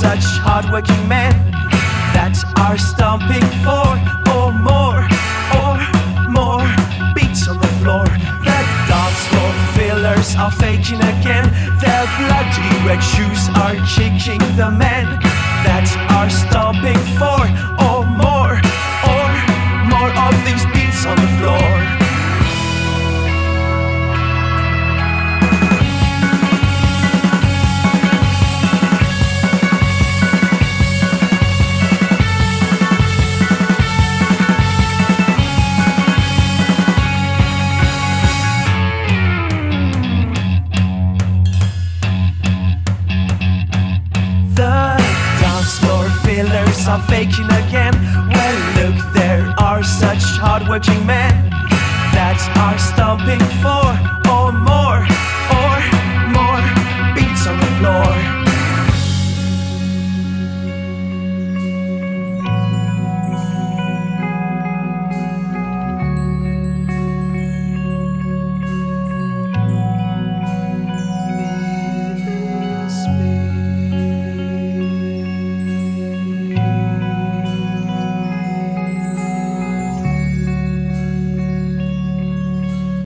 such hardworking men that are stomping for or oh, more or more beats on the floor. The dance floor fillers are faking again. Their bloody red shoes are kicking the men that are stomping for sailors are faking again. Well, look, there are such hardworking men that are stomping for.